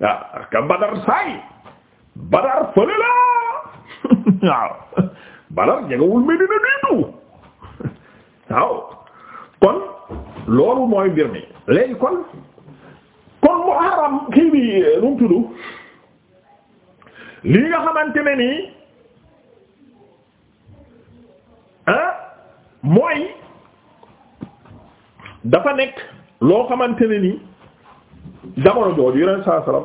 waaw ah, ka badar saay badar fële la waaw badar jegewul Medina diitu waaw kon loolu mooy mbir léegi kon kon Muharram kii bi eh, num tudd lii nga xamante ne nii ah mooy dafa nekk loo xamante ne nii jamono jooju yeneen saa salaam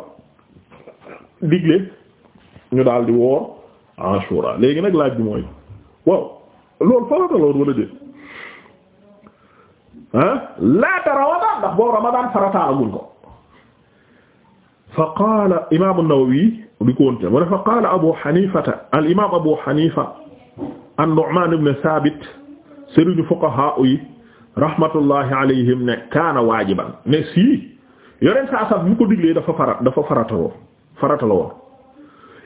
digle ñu daal di woor Ashura léegi nag laaj bi mooy waaw loolu farata loolu wala déet ah laata Ramadan ndax boobu Ramadan farataalaguñ ko. fa qaala imaam an-Nawawi di ko wonte wala fa qaala Abu Hanifata al imaam Abu Hanifa an-Nu'man ibn Thabit sëriñu fuqahaa yi rahmatullahi alayhim ne kaana waajiban ne si. yoneen saa saaf bu ko diglee dafa fara dafa farataloo farataloo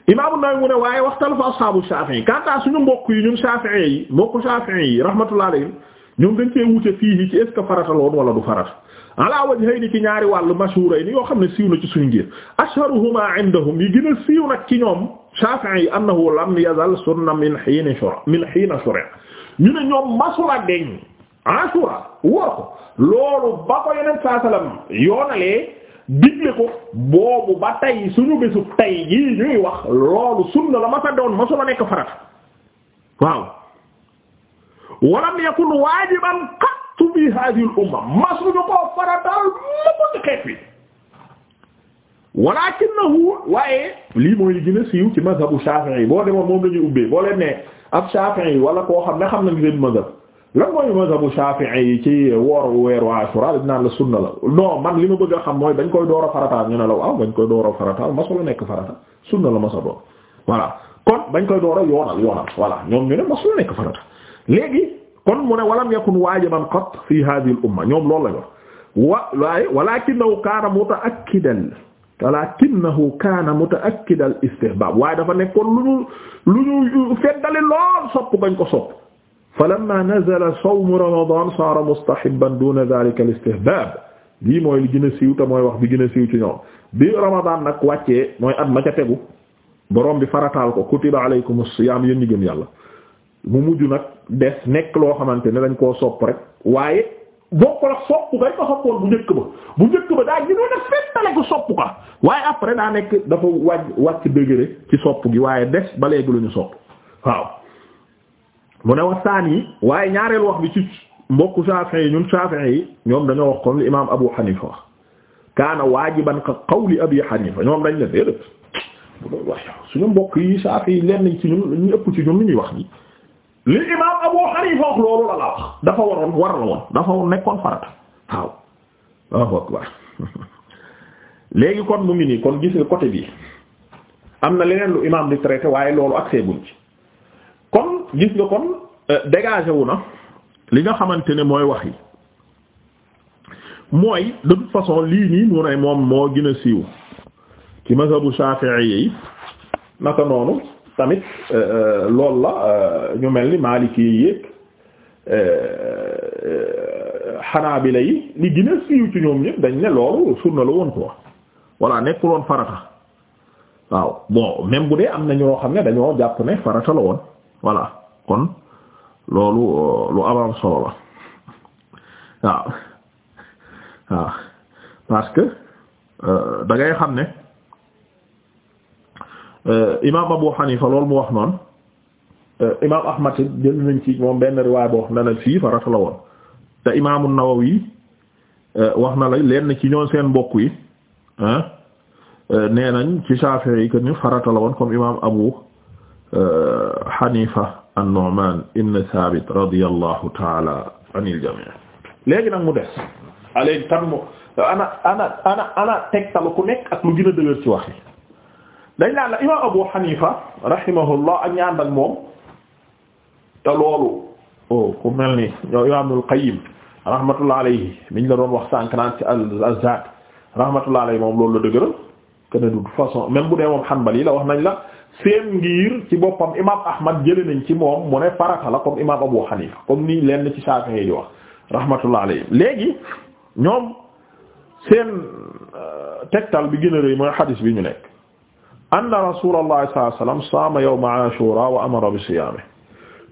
imaamu Nawawi mu ne waaye waxtal fa ashaabu Shaafi'i kanta suñu mbokk yi ñun Shaafi'i yi mbokk Shaafi'i yi rahmatullahi alayhim ñoom dañ cee wute fii ci est ce que farataloon wala du farata ala wajhayni ci ñaari wàll wàllu mashhuurayni yoo xam ne siiw na ci suñu ngir ashharuhumaa indahum yi gën a siiw nag ci ñoom Shaafi'i yi annahu lam yazal sunna min hiina shura ñu ne ñoom masula deñ Ashura woor ko loolu ba ko yeneen saa salaam yoonalee digle ko boobu ba tey suñu bésu tey jii ñuy wax loolu sunna la ma sa doon ma su la nekk farata waaw walam yakun waajiban qattu bi hadhihi al umma ma suñu koo farataal la ko ci xeet wi walakinahu waaye lii mooy li siiw ci mazhabu Shafi'i boo demoon moom la ñuy ubbee boo leen ne ab yi wala koo xam ne xam na ngi seen mazhab lan mooy mazhabu Shafi'i yi ci woor weeru Ashura dañ naan la sunna la non man li ma bëgg a xam mooy dañ koy door a farataal ñu ne la waaw bañ koy door a farataal masolo nekk farata sunna la masa doon voilà kon bañ koy door a yoonal yoonal voilà ñoom ñu ne masolo nekk farata léegi kon mu ne walam yakun waajiban qat fi hadhihi al umma ñoom loolu la ñu wa waaye walakinahu kaana mutaakkidan walakinahu kaana mutaakkidan istihbab waaye dafa nekkoon lu ñu lu ñu feddali lool sopp gañ ko sopp falamma nazala sawmu ramadan saara mustahiban duna dhalika al lii mooy li gën a te mooy wax bi gën a ci ñoom bi ramadan nag wàcce mooy at ma ca tegu borom bi farataal ko kutiba alaykum as-siyam yéen gën gëm yàlla mu mujj nag des nekk loo xamante ne lañ koo sopp rek waaye bokkul ak sopp nga ko soppoon bu njëkk ba bu njëkk ba daa gënoon a fettale ko sopp ko waaye après daa nekk dafa wàcc wàcc ci sopp gi waaye des ba léegi lu sopp waaw mu ne waxtaan yi waaye ñaareelu wax bi ci mbokku Shafi'i yi ñun Shafi'i yi ñoom dañoo wax comme l'imam Abu Hanifa wax kaana waajiban ka qawli Abi Hanifa ñoom dañ ne déedéet waaye suñu mbokk yi Shafi'i yi lenn ci ñun ñu ëpp ci ñun lu ñuy wax ni li imam Abu Hanifa wax loolu la la wax dafa waroon war la woon dafa nekkoon farata waaw waaw akbar léegi kon mu ngi nii kon gis nga côté bi am na leneen lu imam di traité waaye loolu accès buñ ci kon gis nga kon euh, dégagé wu na li nga xamante ne mooy wax yi mooy de toute façon lii nii mu ne moom moo gën a siiw ci mazhabu Shafi'i yi naka noonu tamit euh, euh, loolu la ñu mel ni Maliki yi yéeg Hanabila yi li gën a siiw ci ñoom ñëpp dañ ne loolu sunna la woon quoi voilà nekkul woon farata waaw bon même bu dee am na ñoo xam ne dañoo jàpp ne farata la woon. voilà kon loolu euh, lu amam solo la waaw waaw parce que euh, da xam ne euh, imaam Abu Hanifa loolu mu wax noonu imaam Ahmad jël nañ ci moom benn riwaay boo wax ne la fii farata la woon te imaamu Nawawi wax na la leen ci ñoom seen mbokk yi nee nañ ci yi que ni farata la woon comme imaam Abu Hanifa an-Nu'man ibn Thabit radiyallahu ta'ala anil jami' léegi nag mu des aléegi kan mo ana ana ana ana tegtalu ku nekk ak lu gën a dëgër ci wax yi Abu Hanifa rahimahullah ak ñaan ak moom te ku mel ni ñoo imam Ibnul Qayyim rahmatullah alayhi miñ la doon wax sànq naan ci al moom loolu la dëgëral que bu dee moom Hanbali la wax nañ la seen ngir ci boppam imam ahmad jële nañ ci moom mu ne farata la comme imam abu hanifa comme ni lenn ci Shafi'i yi wax rahmatullah alayhi léegi ñoom seen euh, tegtal bi gën a rëy mooy xadis bi ñu nekk anna rasulullah sallallahu alayhi wasallam saama yawma wa amara bi siyaami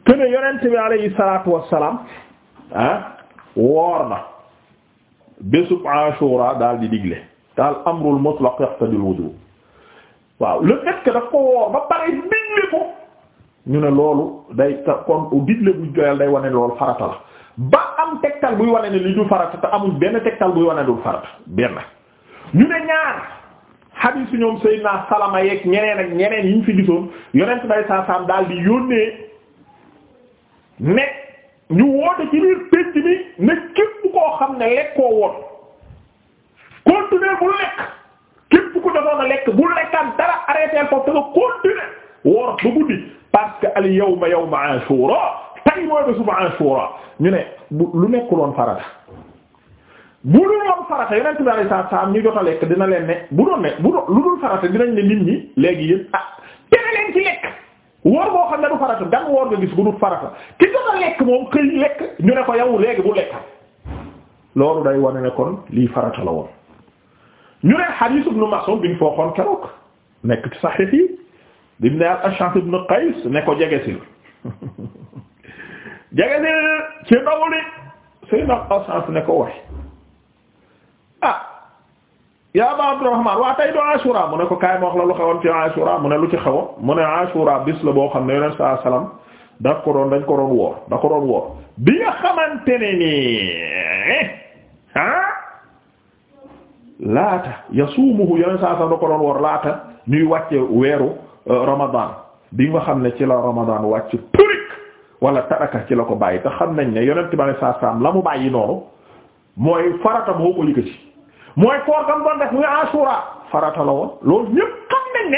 kene yonent bi alayhi salatu wassalam ah woor na bésub ashura daal di digle daal amrul mutlaq yaqtadil wudu waaw le fait daf ko woor ba pare digle ko ñu ne loolu day kon digle bu joyal day wane loolu farata la ba am tegtal buy wane ne li du farata te amul benn tegtal buy wane du farata benn ñu ne ñaar xadiis yu ñoom Seydina Salama yeeg ñeneen ak ñeneen yi ñu fi gisoon yonent bay saa saam daal di yónnee ne ñu woote ci biir pénc mi ne képp koo xam ne lekkoo woon continuer bu lekk jotoon a lekk bu lekkaan dara arrêté ko te nga continuer woor ba guddi parce que al yawma yawma ashura tey mooy bésu ashura ñu ne bu lu nekkul woon farata bu dul woon farata ñu jot a dina leen ne bu lu dul farata ñi léegi yéen ah tere leen ci lekk. woor boo xam ne du farata gan bu dul ñu ne ko yow léegi loolu day wane ne kon lii farata la woon. ñu ne hadith ibn Mas'ud bi ñu fooxoon keroog nekk ci saxiix yi di ne al-Ash'ath ibn Qays ne ko jegesil jegesil ci ndogu li Seydina al ne ko wax ah ya Aba Abdurrahman waa tey doo Ashura mu ne ko kaay ma la lu xewoon ci Ashura mu ne lu ci xewoon mu ne Ashura bis la boo xam ne Yonent salaam da ko doon dañ ko doon woor da ko doon woor bi nga xamante nii ah, laata yasuumuhu yeneen saa sax da ko doon war laata ñuy wàcce weeru euh, Ramadan bi nga xam ne ci la Ramadan wàcc turik wala taraka ci la ko bàyyi te xam nañ ne yonent bi saa la mu bàyyi mooy farata moo mooy koor gam doon la woon loolu ñépp xam nañ ne.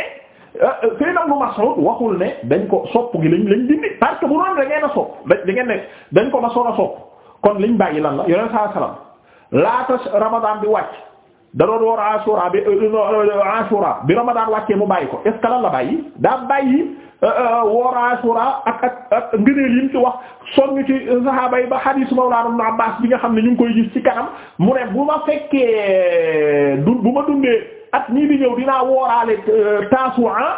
Euh, euh, Seydina Ibn a dañ ko ma liñ bàyyi lan la yoneen saa salaam laata Ramadan bi wàcc da doon woor Ashura bi euh, euh, euh, Ashura bi Ramadan wàccee mu bàyyi ko est la bàyyi daa bàyyi woor Ashura ak ak ak ngëneel yi mu ci wax sonn ci saxaaba yi ba hadiis Mawlaana Ibn Abbaas bi nga xam ne ñu ngi koy gis ci kanam mu ne bu ma fekkee du bu ma dundee at mii di ñëw dinaa wooraale Tasu'a ah,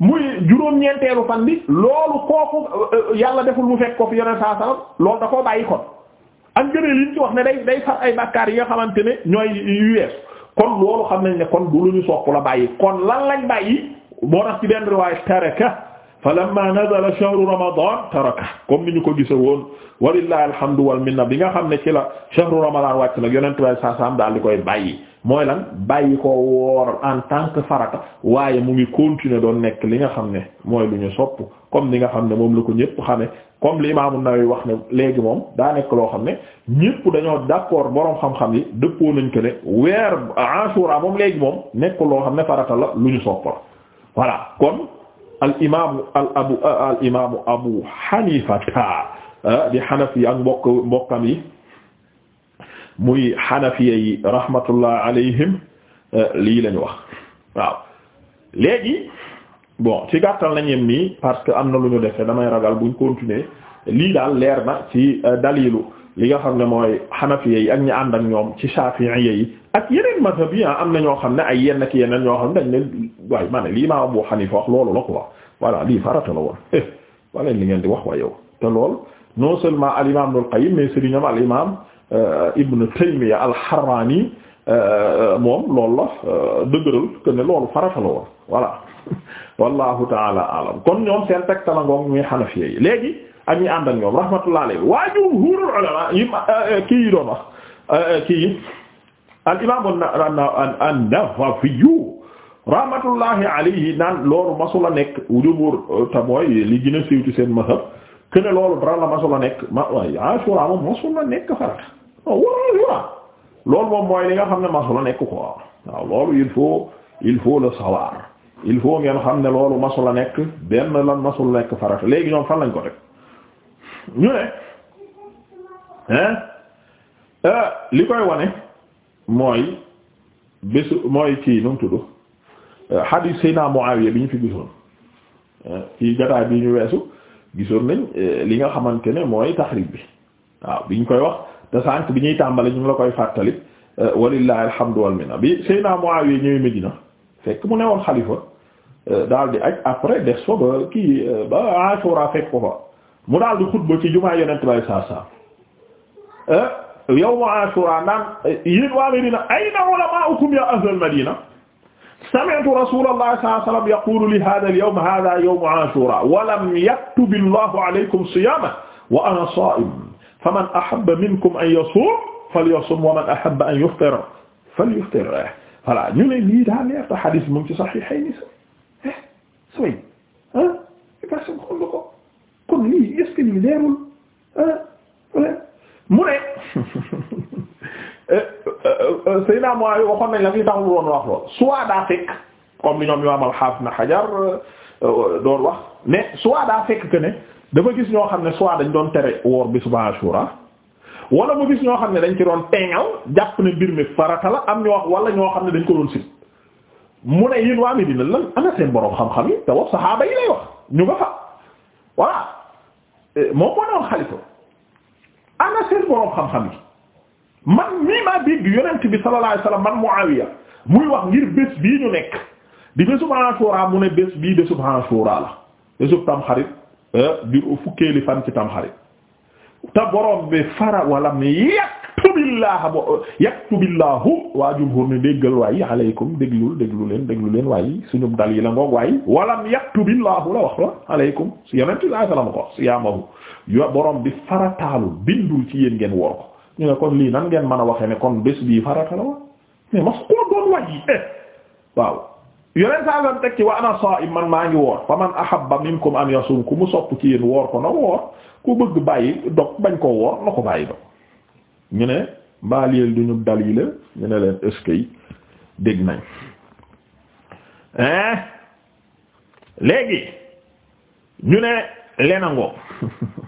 muy juróom-ñeenteelu fan bi loolu kooku yàlla deful mu fekk ko fi yoneen saa sallam loolu da koo bàyyi kon ak li yi ñu ci wax ne day day far ay bàkkaar yi nga xamante ne ñooy yu kon loolu xam nañ ne kon du lu ñu sopp la bàyyi kon lan lañ bàyyi moo tax ci benn riwaaya taraka falamma nazala shahru ramadan taraka comme ni ñu ko gise woon walillahi alhamdu wal minna bi nga xam ne ci la shahru ramadan wàcc nag yonent way saasaam daal di koy bàyyi mooy lan bàyyi ko woor en tant que farata waaye mu ngi continuer doon nekk li nga xam ne mooy lu ñu sopp comme ni nga xam ne moom la ko ñépp xame comme li Imaam An-Nawawi wax ne léegi moom daa nekk loo xam ne ñépp dañoo d'accord boroom xam-xam yi dëppoo nañ ko ne weer Ashura moom léegi moom nekkul loo xam ne farata la lu ñu sopp la voilà kon al imaamu abu al imaamu Abu Hanifa ah, di Hanafi ak mbokk mbokkam yi muy Hanafiya yi rahmatullah alayhim ah, lii lañu wax waaw léegi. bon ci gàttal na yem nii parce que am na lu ñu defee damay ragal buñ continuer lii daal leer na ci euh, dalilu li nga xam ne mooy xanafiya yi ak ñi ànd ak ñoom ci shafi'iyya yi ak yeneen mazhab yi ah, am na ñoo xam ne ay yenn ak yeneen ñoo xam ne dañ ne waaye ma ne lii maa Abu Hanifa wax loolu la ko wax voilà lii farata la woon waleen li ngeen di wax wa yow te lool non seulement al imam Ibnul Qayyim mais sëriñam al imam euh, Ibn Taymiyya al-Harrani euh, moom loolu la dëgëral que ne loolu farata la woon voilà wallahu taala alam kon ñoom seen tegtalangoog muy xanafiya yi léegi ak ñi ànd ak ñoom rahmatullah alayhi wa jumhurul ulama yi euh, euh, kii yi doon wax euh, kii al imam an-Nawawi rahmatullahi alayhi naan loolu masula nekk jumhur te mooy li gën a siiw ci seen mazhab que ne loolu dara la masula nekk ma waaye Ashura ah, moom masula nekk farata oh, waaw loolu moom mooy li nga xam ne masula nekk quoi waaw loolu il faut il faut le savoir il faut ngeen xam ne loolu masul a nekk benn lan masul nekk farata léegi ñoom fan lañ ko teg ñu ne hein euh, li koy wane mooy bésu mooy kii nu mu tudd euh, hadith sayna Muawiya bi ñu fi gisoon euh, ci jotaay bi ñu weesu gisoon nañ li nga xamante ne mooy taxrib bi waaw bi ñu koy wax te sànq bi ñuy tàmbali ñu la koy fàttali walillahi alhamdu wal minna bi sayna Muawiya ñëwee Medina fekk mu newoon xalifa Euh, daal di aj après des fa ba kii euh, ba Ashura fekk ko fa mu daal di xutba ci jumaa yonent bay saa saa euh, yawmu Ashura naan yéen waa Madina ayna ulama'ukum ya ahlal Madina sami'tu rasulallahi sallallahu alayhi wasallam yaqulu li hadha al-yawm hadha yawmu Ashura wa lam yaktub Allahu alaykum siyamahu wa ana sa'im faman ahabba minkum an yasum falyasum wa man ahabba an yuftir falyuftir voilà ñu ne lii daa leer ta hadith mu ngi ci Sahihayn sooy ah mu ne sëy euh, euh, euh, naa waxoon nañ la fi tax lu doon wax lool soit daa fekk comme li ñoom imaam al-Hafiz na Hajar doon wax mais soit daa fekk que ne dafa gis ñoo xam ne soit dañ doon tere woor bi suba Ashura wala mu gis ñoo xam ne dañ ci doon teeŋal jàpp ne mbir mi farata am ñu wax wala ñoo xam ne dañ ko doon sit mu ne yéen waa Medina lan ana seen borom xam-xam yi te wax saxaaba yi lay wax ñu nga fa voilà eh, moom moo doon xalifa ana seen borom xam-xam yi man mii maa dégg yonent bi sallallahu alayhi wax ngir bés bii ñu nekk di bésub Ashura mu ne bés bii bésub Ashura la bésub tamxarit eh, di fukkeeli fan ci tamxarit te borom bi fara walam yaktubillah bo yaktubillahu waa jumhur ne déggal waaye aleykum déglul déglu leen déglu leen waaye suñu dal yi la ngoog waaye walam yaktubillahu la wax la aleykum si yonent la salam ko siyaamahu yo borom bi farataalul bindul ci yéen ngeen woor ko ñu ne kon lii nan ngeen mën a waxee ne kon bés bii farata la wa mais mas koo doon eh, waaw yeneen saa lam teg ci wa ana saa'im man maa ngi woor fa man ahabba minkum an yasum ku mu sopp ci yéen woor ko na woor ku bëgg bàyyi dog bañ koo woor na ko bàyyi dog ñu ne mbaaliyeel du ñu dalila ñu ne leen est dégg nañ ñu ne leen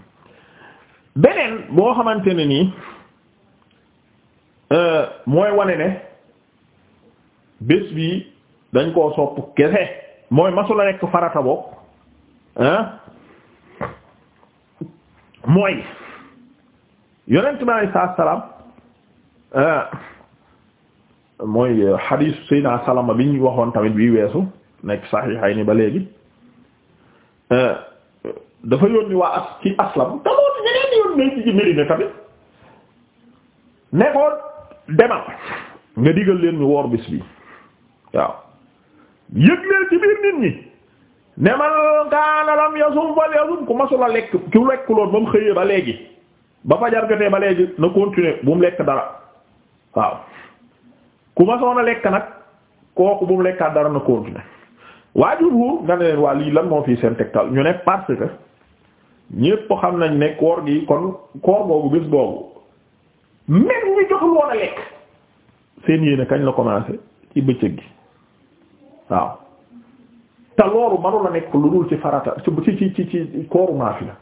beneen boo xamante ne nii euh, mooy wane ne bés bi dañ koo sopp kese mooy masula nekk farata bopp mooy yonent bi alei salaatu salaam mooy hadith Seydina Salama bi ñu waxoon tamit bi weesu nekk saxiixay ni ba léegi dafa yónni waa as ci aslam te loolu ñeneen di yónni nañ ci Medina tamit nekkoon demal nga digal leen ñu woor bis bi waaw yëg leen ci biir nit ñi ne man kaana lam yasum fal yasum ku masula lekk ku lekkuloon ba mu xëyee ba léegi ba fajar jotee ba léegi na continuer bu mu lekk dara waaw ku ma masoon a lekk nag kooku bu mu lekkaat dara na continuer waajur wu nga ne leen waa lii lan moo fii seen tegtal ñu ne parce que ñépp xam nañ ne koor gi kon koor boobu bés boobu même ñu joxul woon lekk seen yéene kañ la commencé ci bëccëg gi waaw te la nekk lu ci farata ci ci ci ci kooru naafila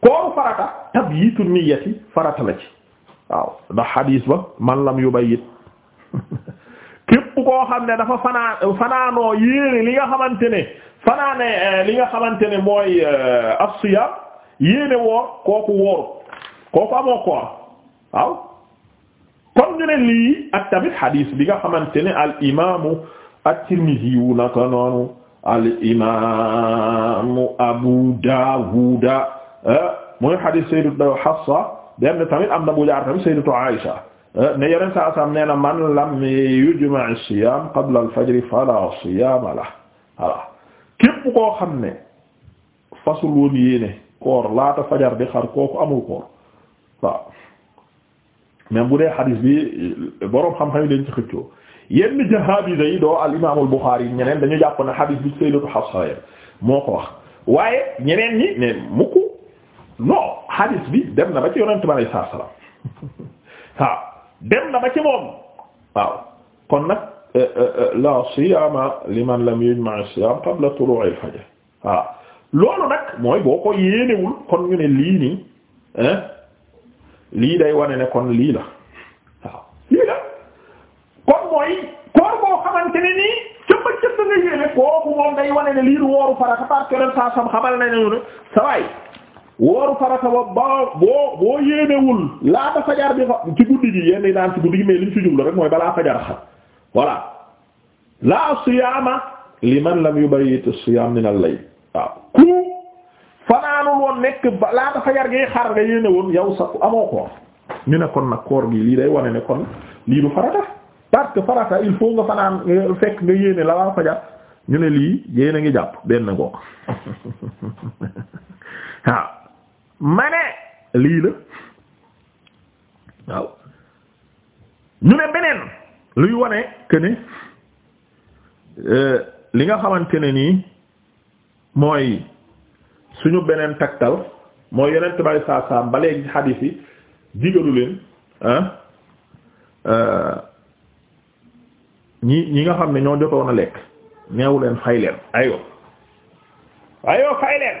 kooru farata tabyitu niyyati farata la ci waaw ndax xadiis ba man lam yubayyit képp koo xam ne dafa fanaan fanaanoo yéene li nga xamante ne fanaane eh, li nga xamante ne mooy eh, as-siyaam yéene woor kooku wooru kooku amoo koor waaw kon ñu ne xadiis bi nga xamante ne al at-Tirmidhi wu naka noonu al-imaamu Abu Dawud eh, muy hadith Sayyidatu Hafsa dem tamit am na bu jaar tamit Sayyidatu Aisha eh, ne yeneen saa saam nee man lam yujma' as-siyaam qabla al-fajr fala siyaama lahu voilà képp koo xam fasul woon yéene koor laata fajar di xar kooku amul koor waaw bu dee hadith bi eh, boroom xam-xam yi dañ ci xëccoo. yenn jahaabisa yi al imaamul Buxaari yi ñeneen dañu jàpp ne xadiis bi Sayyidatu Hafsa moo ko wax waaye ñeneen ñi ne mukk non xadiis bi dem ba ci yonent bi alayhi salaatu salaam waaw dem ba ci moom waaw kon nag eh, eh, eh, la siyaama liman lam yujma' as-siyaam qabla tuluu'i al-fajr waaw loolu nag mooy boo ko yéenewul kon ñu ne lii nii lii day wane ne kon lii la koor boo xamante ne nii ca bëccëg da nga yéene kooku moom day wane ne lii wooru farata parce que ren saa sam xamal nañ ne sa waay wooru farata ba boo boo yéenewul laata fajar bi fa ci guddi gi yéen naan ci guddi gi mais liñ ci jublu rek mooy balaa fajar xam voilà la siyaama liman lam yubayyit as-siyaam min al-layl nga yéene woon yow sa amoo koor ñu ne kon nag koor gi lii day wane ne kon lii du farata. parce que farata il faut nga fanaan euh, fekk nga yéene la waa fajar ñu ne lii yéen a ngi jàpp benn ngoog waaw ma lii la waaw ñu ne beneen luy wane que euh, li nga xamante ne nii mooy suñu beneen taktal mooy yeneen tibay saa saam ba léegi xadiis leen ah ñi ñi nga xam ne ñoo jotoon a lekk neewu leen fay leen aywa aywa fay leen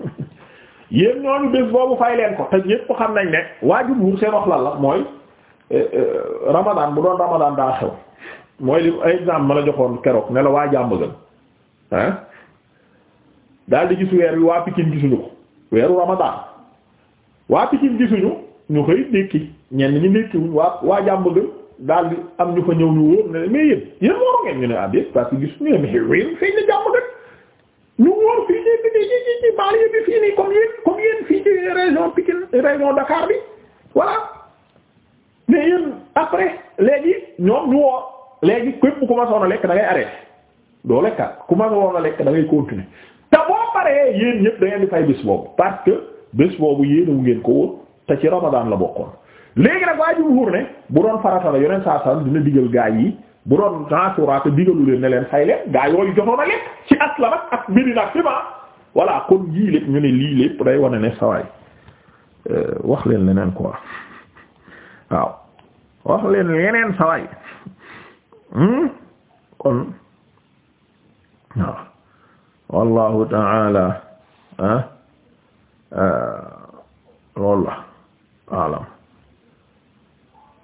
yéen ñooñu bés boobu fay leen ko te ñépp xam nañ ne waa jumhuur seen wax lan la mooy eh, eh, Ramadan bu doon Ramadan daa xew mooy li exemple ma la joxoon keroog ne la waa jàmb gën ah daal gis weer wi waa Pikine gisuñu ko weeru Ramadan waa Pikine gisuñu ñu xëy ndékki ñenn ñi ndékkiwuñ waa waa jàmb gën daal di am ñu fa ñëw ñu wóor ne mais yéen yéen wóor ngeen ñu ne àddee ah, parce que gis ñu mais wéen fii bi fii nii comme yéen fii ci région Pikine région Dakar bi voilà mais yéen après léegi ñoom ñu woo léegi képp ku ma a lekk da ngay arrêté doo lekkaat ku ma a lekk da ngay continuer te boo paree yéen ñëpp da ngeen di fay bés boobu parce que bés boobu yéen wu ngeen ko wóor te ci Ramadan la bokkoon. léegi nag waa jumhur ne bu doon farata la yoneen saa sallam dina digal gaa yi bu doon asuraate digalu leen ne leen fay leen gaa yooyu jotoon a lekk ci aslam ak ak mbiri nag fi ma voilà kon yii lépp ñu ne lii lépp day wane ne sawaay euh, wax leen leneen quoi waaw leen leneen sawaay hmm? kon waaw wallahu taala ah euh, la alam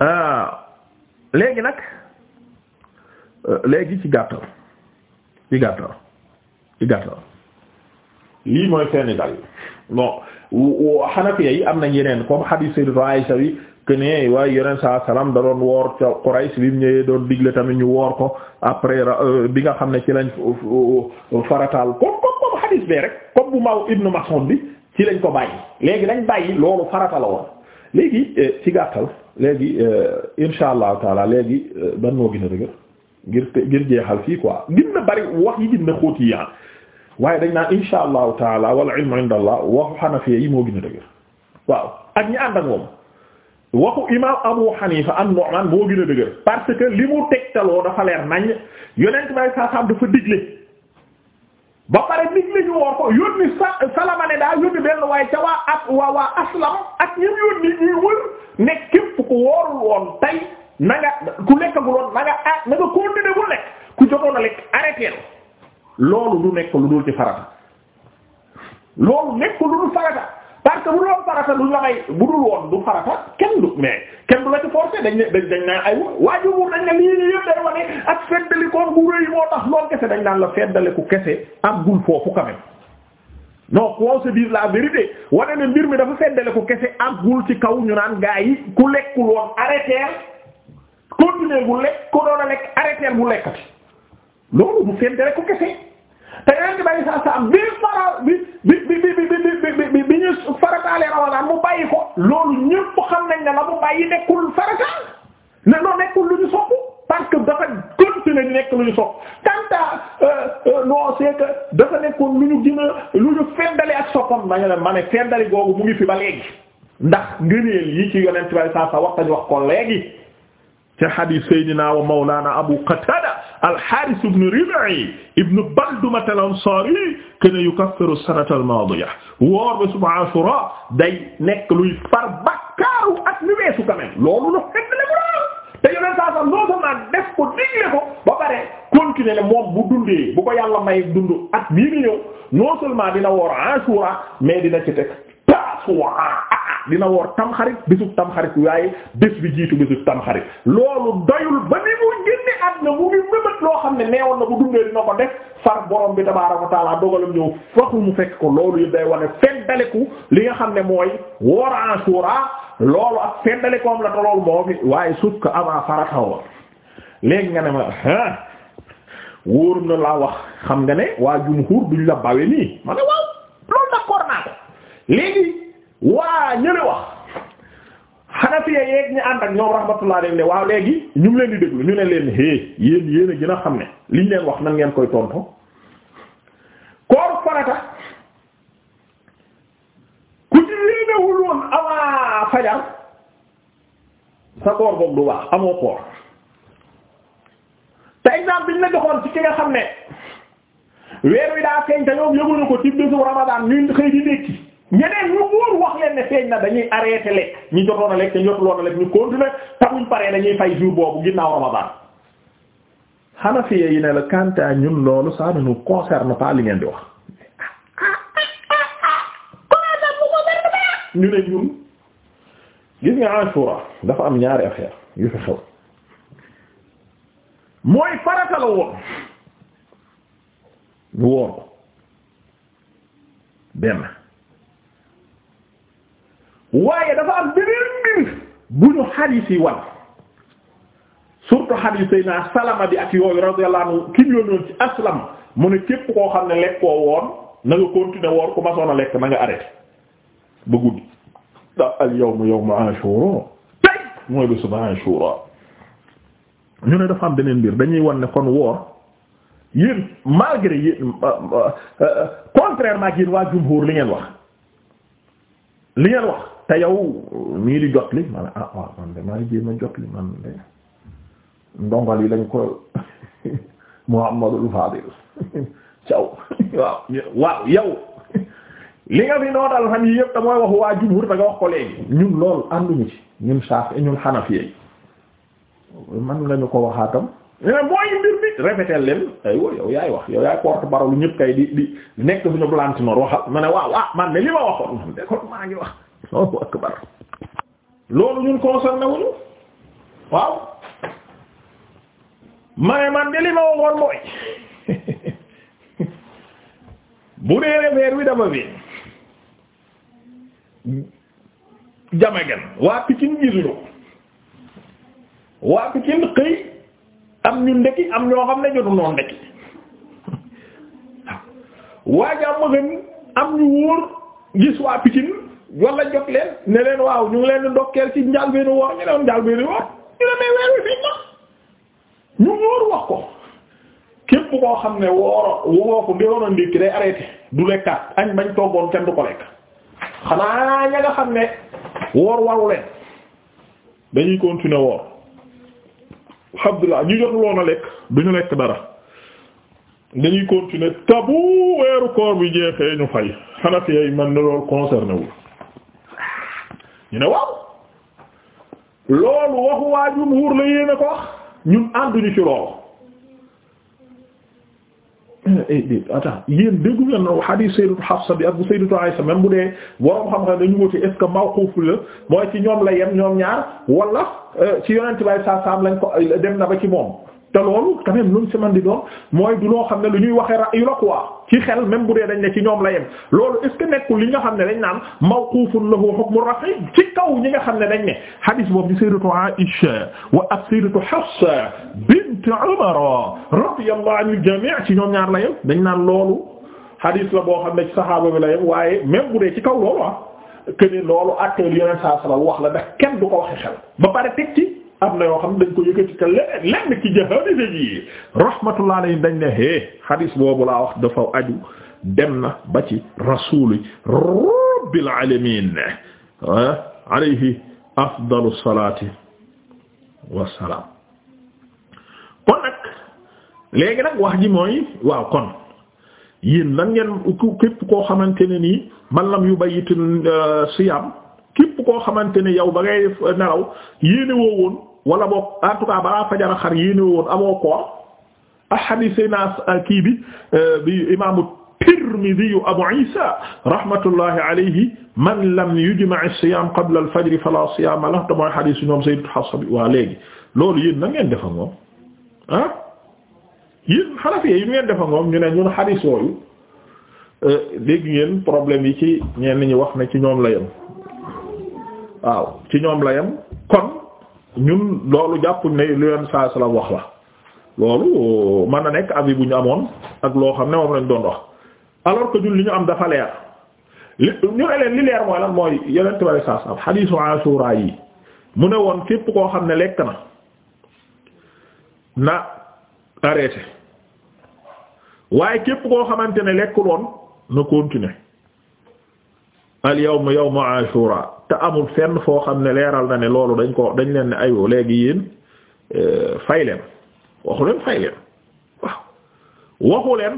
Euh, léegi nag euh, léegi ci gàttal ci gàttal ci gàttal lii mooy seeni dal bon Hanafiya yi am na yeneen comme hadith Sayyidatu Aisha bi que waaye yeneen saa salaam da doon woor ca Quraysh bi ñëwee doon digle tamit ñu woor ko après euh, bi nga xam ne ci lañ farataal comme comme comme hadith bee rek comme bu maw Ibnu Mas'ud bi ci lañ ko bàyyi léegi dañ bàyyi loolu farata la woon léegi ci gàttal. léegi euh, insha allahu léegi euh, ban moo gën a dëgër jeexal fii quoi gën na bari wax yi gën na xóot yi ah waaye dañ naan insha ilmu inda waxu xanafiya moo gën a waaw ak ñi ànd ak waxu imaam abu xanifa an nu'man moo gën a parce que li mu tegtaloo dafa leer nañ yonent may saa saam dafa digle ba pare digle ñu woor ko yónni sa salama ne daa yónni benn waaye ca waa ak waa waa aslam ak ñim yónni ñuy wër ne képp ku woorul woon tey na ku lekkagul woon na nga ah na nga continuer bu lekk ku jotoon a loolu du nekk lu dul ci farata loolu nekk lu dul farata parce que bu dul woon farata duñ la may bu dul woon du farata kenn du mais kenn du la ci forcer dañ ne dañ naan ay waajur wu dañ ne lii nii yëpp day wane ak feddali koon bu rëy moo tax lool kese dañ daan la feddale ku kese àggul foofu quand même non qu'on se dise la mbir mi dafa feddale ku kese àggul ci kaw ñu naan gaa yi ku lekkul woon arrêté continuer bu lekk ko doon a lekk arrêté bu lekkati loolu du feddale ku kese te yaa ngi saa saa am ñu sopp kanta euh, euh, non dafa nekkoon lu ñu gën lu ñu fendale ak soppam ma ne ma googu mu ngi fi ba léegi ndax ngëneel yi ci yonent bay saa sa wax ko léegi ci hadith sayyidina wa mawlana abu qatada al-harith ibn rib'i ibn balduma al-ansari kana yukaffiru as-sanata al-madiyah woor ba suba ashura day nekk luy far bakkaaru ak lu weesu quand même loolu la fekk la te yeneen saa sax non seulement def ko digle ko ba pare continuer ne moom bu dundee bu ko yàlla may dund at bii ni ñëw non seulement dina woor Ashura mais dina ci teg Tasu'a dina woor tamxarit bésub tamxarit waaye bés bi jiitu bésub tamxarit loolu doyul ba ni génne at na mu ngi mëbët loo xam ne neewoon na bu dundee dina ko def far borom bi tabaaraka wa taala dogalam ñëw faxu mu fekk ko loolu yëpp day wane fendaleku li nga xam ne mooy woor Ashura loolu ak feddali koom la tolool moo fi waaye suuf ka avant farataw wa léegi nga ne ma ah wóor na laa wax xam nga ne waa jumhur duñ la bawe nii ma waaw loolu d'accord naa ko léegi waa ñële wax xanafiya yeeg ñu ànd ak ñoom rahmatullah leen ne waaw léegi ñu ngi leen di déglu ñu ne leen hé yéen yéen a gën a xam ne liñ leen wax nan ngeen koy tontu koor farata yéenewul woon avant fajar sa koor boobu du baax amoo koor te exemple bi ñu la joxoon ci ki nga xam ne weer wi daa feeñ te ñoom yëgul ko ci bésu Ramadan ñuy xëy di nekki ñeneen ñu wóor wax leen ne feeñ na dañuy arrêté lekk ñu jotoon a lekk te jotuloon a lekk ñu continuer te buñ paree dañuy fay jour boobu ginnaaw Ramadan Hanafiya yi ne la quant à ñun loolu ça ne nous concerne pas li ngeen di wax. ñu ne ñun gis nga Ashura dafa am ñaari affaire yu fi xew mooy farata la woon ñu woor ko benn waaye dafa am beneen mbir bu ñu xadiis yi wan surtout xadiis yi naa salama bi ak yooyu radiyallahu anhu ki ñu ci aslam mu ne képp koo xam ne lekkoo woon na continuer woor ku ma soon a lekk na nga ba guddi ndax al yawmu yawmu ashura tey mooy bi suba ashura ñu ne dafa am beneen mbir dañuy wan ne kon woor yéen malgré yéen euh, euh, euh, contrairement ak waa jumhur li ngeen wax li ngeen wax te yow nii di jot li ma ah, maa ngi a jot li man de ndongal lañ ko Muhammadul Fadil Thiaw waaw waaw li nga fi nootal fan yi yëpp te mooy waxu waa jumhur da nga wax ko léegi ñun loolu ànduñu ci ñun Shafi ñun Hanafi man nga ñu ko waxaatam mooy mbir bi répété leen ma ne ah, maa ngi wax loolu akbar loolu ñun bu dee refer wi dafa fi jamagen waa Pikine gisuñu waa Pikine xëy am ñu ndekki am ñoo xam ne jotu noo ndekki waa jàmm am ñu wóor gis waa Pikine wala jot leen ne leen waaw ñu leen ndokkeel ci njàlbeenu woor ñu leen njàlbeenu woor ñu ne may weer wi fiñ ñu wóor wax ko képp koo xam ne wooro woo ko ngi woon a ndékki day arrêté du lekkaat añ bañ toggoon kenn du ko lekk xanaa ña nga xam ne woor waru leen dañuy continuer woor alhamdulilah ñu jotul woon a lekk duñu lekk dara dañuy continuer tabu weeru koor bi jeexee ñu fay Hanafi yi man ne loolu concerné ñu ne waaw loolu waxu waa jumhuur la yéene ko wax ñun ànduñu ci loolu Eh, eh, eh, attends yéen déggu ngeen hadith Sayyidatu Hafsa bi ak bu Sayyidatu Aisha même bu dee borom xam-xam dañu wuti est-ce que mawquf la mooy ci ñoom la yem ñoom ñaar wala ci yonent bay sa sam lañ ko dem na ba ci moom te loolu quand lu di doon mooy du xam ne lu ñuy waxee ra'yu la quoi ci xel même bu dee dañ ne ci ñoom la yem loolu est nekkul li nga xam ne dañ naan mawqufun lahu hukmu rafi ci kaw ñi nga xam ne dañ ne hadith boobu di sayyidatu Aisha wa ak sayyidatu Hafsa bint Umar radiyallahu anil jami' ci ñoom ñaar la yem dañ naan loolu hadith la boo xam ne ci saxaaba bi la yem waaye même dee ci kaw loolu ah que ni loolu acteur yeneen saa sala wax la ndax kenn du ko waxee xel ba pare teg ci am na yoo xam dañ ko yëkkati te leneen lenn ci jahanise ji rahmatullah alayhi dañ ne hé hadis boobu laa wax dafa aju dem na ba ci rasuli rabbil alamin ah, alayhi afdalu salaati wassalaam kon nag léegi nag wax ji mooy waaw kon yéen lan ngeen képp koo xamante ne nii man lam yu bayitu ah, siyam képp koo xamante ne yow ba ngay nelaw yéene woo woon wala boog en tout cas balaa fajara xar yéene woon amoo koor ak xadiis sayna kii bi euh, bi imaamu Tirmidi Abu Isa rahmatullahi alayhi man lam yujma'i siyaam qabla al-fajr fala siyaama lahu te mooy xadiis ñoom Sayyidatu Hafsa bi waa léegi loolu yéen na ngeen defa moom ah yéen Hanafi yi ngeen defa moom ñu ne ñun xadiis yooyu euh, dégg ngeen problème yi ci ñenn ñi wax na ci ñoom la yem waaw ci ñoom la yem kon ñun loolu jàppuñ ne lu leen saa salaam wax la loolu man na nekk avis bu ñu amoon ak loo xam ne moom lañ doon wax alors que ñun li ñu am dafa leer li ñu ne leen li leer mooy lan mooy yeneen tubaab saa salaam xadiisu Ashura yi mu ne woon képp koo xam ne lekk na na arrêté waaye képp koo xamante ne lekkuloon na continuer. al yawma yawmu ashura te amul fenn foo xam ne leeral na ne loolu dañ ko dañ leen ne aywa léegi yéen euh, fay leen waxu leen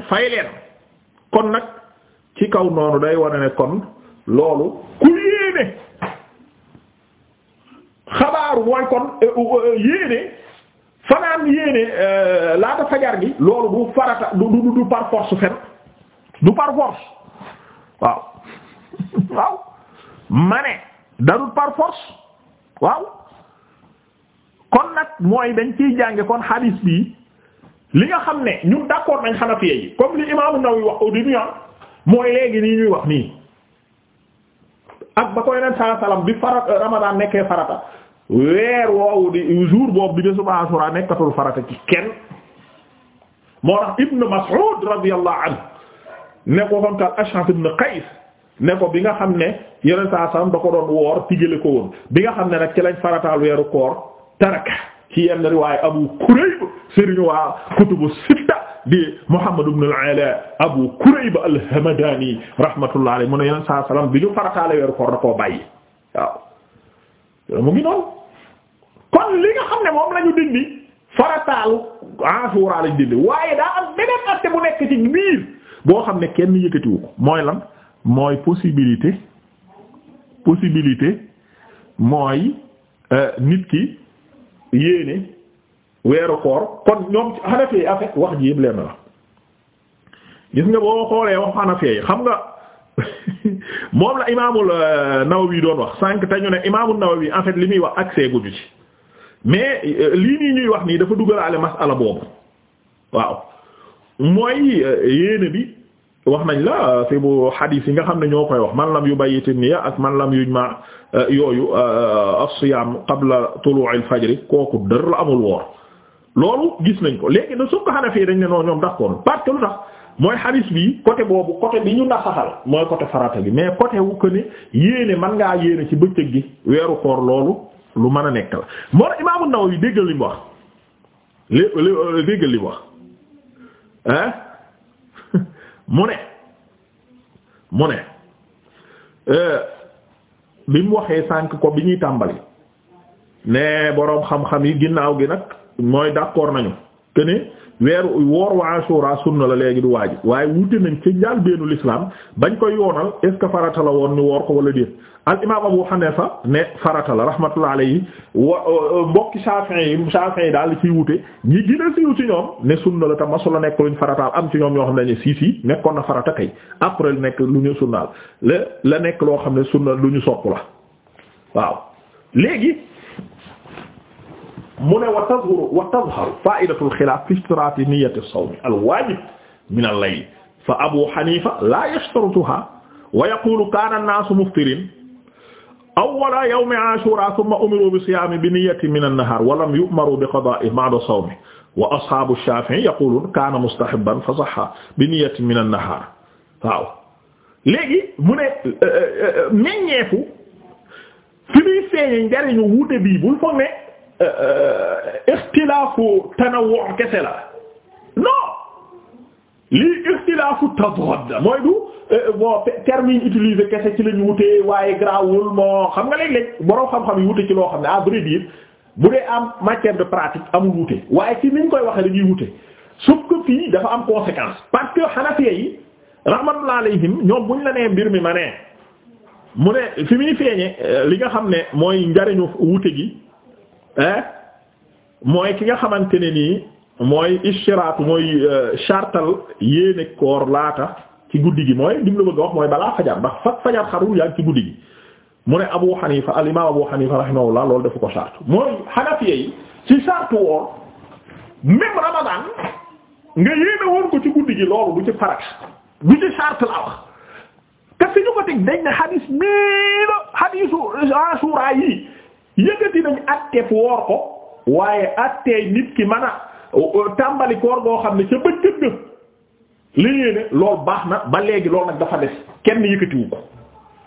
fay leen kon nag ci kaw noonu day wane ne kon loolu ku yéene xabaaru mooy kon euh, euh, yéene fanaan yéene laata fajar gi loolu du farata du du du par fen du par waaw waaw ma darut par force waaw kon nag mooy dañ ciy jànge kon hadis bi li nga xam ne ñun d'accord nañ xanafiye yi comme li imaamu Nawawi wax au ah, mooy léegi nii ñuy wax nii ak ba ko yeneen saa salaam bi farata euh, Ramadan nekkee farata weer woowu di jour boobu bi de suba asura nekkatul farata ci kenn moo tax Ibn Mas'ud radiyallahu anhu ne ko kon tal Ash'ath ibn Qays ne ko bi nga xam ne yeneen saa saam da ko doon woor tigale ko woon bi nga xam ne nag ci lañ farataal weeru koor taraka ci yenn riwaaya Abu Kurayb sëriñu waa kutubu sitta di Muhammad ibn al-Ala Abu Kurayb al-Hamadani rahmatullah alayhi mu ne yeneen saa salaam bi ñu farataale weeru koor da koo bàyyi waaw. mu ngi noonu kon li nga xam ne moom la ñu dindi farataalu Ashura lañ dindi waaye daa am beneen acte bu nekk ci biir boo xam ne kenn yëkkatiwu ko mooy possibilité possibilité mooy euh, nit ki yéene weeru koor kon ñoom ci xanafee en wax ji yëpp lenn la gis nga boo xoolee wax xanafee xam nga moom la imaamul euh, Nawawi doon wax sànq te ñu ne imaamul Nawawi en fait li muy wax accès guju ci mais euh, lii nii ñuy wax nii dafa duggalaale masala boobu waaw mooy yéene bi. wax nañ la euh, fi bu xadiis yi nga xam ne ñoo koy wax man lam yu bayyiti niya ak man la lam yuj ma euh, yooyu euh, as-siyaam qabla tulu'il fajri kooku dër la amul woor loolu gis nañ ko léegi na sukk Hanafi dañ ne noo ñoom d'accord parce que lu tax mooy xadiis bi côté boobu côté bi ñu nasaxal mooy côté farata bi mais côté wu que ne yéene man ngaa yéene ci bëccëg gi weeru koor loolu lu mën a nekk la moo tax Imaam An-Nawawi déggal li wax li déggal li wax mu ne mu ne euh, bi mu waxee sànq ko bi ñuy tàmbali ne boroom xam-xam yi ginnaaw gi nag mooy d'accord nañu que ne weeru woor wa Ashura sunna la léegi du waajib waaye wute nañ ci njaal beenu lislaam bañ koy yoonal est ce farata la woon ñu woor ko wala déet al imaam Abu Hanifa ne farata la rahmatullah alayhi wa euh, euh, mbokki Shafi'i yi Shafi'i yi daal ciy wute ñi gën a siiw ci ñoom ne sunna la te masu la nekk luñ farataal am ci ñoom ñoo xam ne si si nekkoon na farata kay après nekk lu ñu sunnaal la la nekk loo xam ne sunna lu ñu sopp la waaw léegi mu ne wa tazharu wa tazharu fa'idatul xilaaf fi ishtiraati niyyati as-sawmi al-waajib min al-layl fa Abu Hanifa la yashtarutuha wa yaqulu kaana an-naasu muftirin awwala yawmi ashura thumma umiru bi siyami bi niyyati min an-nahar wa lam yu'maru bi qada'i ba'da sawmi wa ashabu shafi'i yaqulun kana mustahabban fa sahha bi niyyati min an-nahar waaw léegi mu ne euh, euh, euh, meññeefu fi muy feeñe njariñu wuute bii bul foog ne ixtilaafu tanawwu kese la non lii ixtilaafu tadad mooy du eh, bon terme yi kese ci lañu wutee waaye grawul moo xam nga léeg-léeg borom xam-xam yi wute ci loo xam ne à vrai dire bu dee am matière de pratique amul wute waaye ci niñ koy waxee dañuy wute sauf que fii dafa am conséquence parce que Hanafiya yi rahmatullah alayhim ñoom buñ la nee mbir mi ma nee mu ne fi muy feeñe eh, li nga xam ne mooy njariñu wute gi eh, mooy ki nga xamante ne nii mooy ishiraatu mooy euh, chartal yéene koor laata ci guddi gi mooy dim la bëgg a wax mooy balaa fajar ndax fas fajar xarul yaa ci guddi gi mu ne Abu Hanifa al imam Abu Hanifa rahimahullah loolu dafa ko charte mooy Hanafiya yi ci charte woor même Ramadan nga yéene woon ko ci guddi gi loolu du ci farat du ci charte la wax te fi ñu ko teg dañ ne hadis mii la hadisu yi yëkkati nañ àtteef woor ko waaye àtteey nit ki mën tàmbali koor goo xam ne ca bëccëg la yéene loolu baax na ba léegi loolu nag dafa des kenn yëkkatiwu ko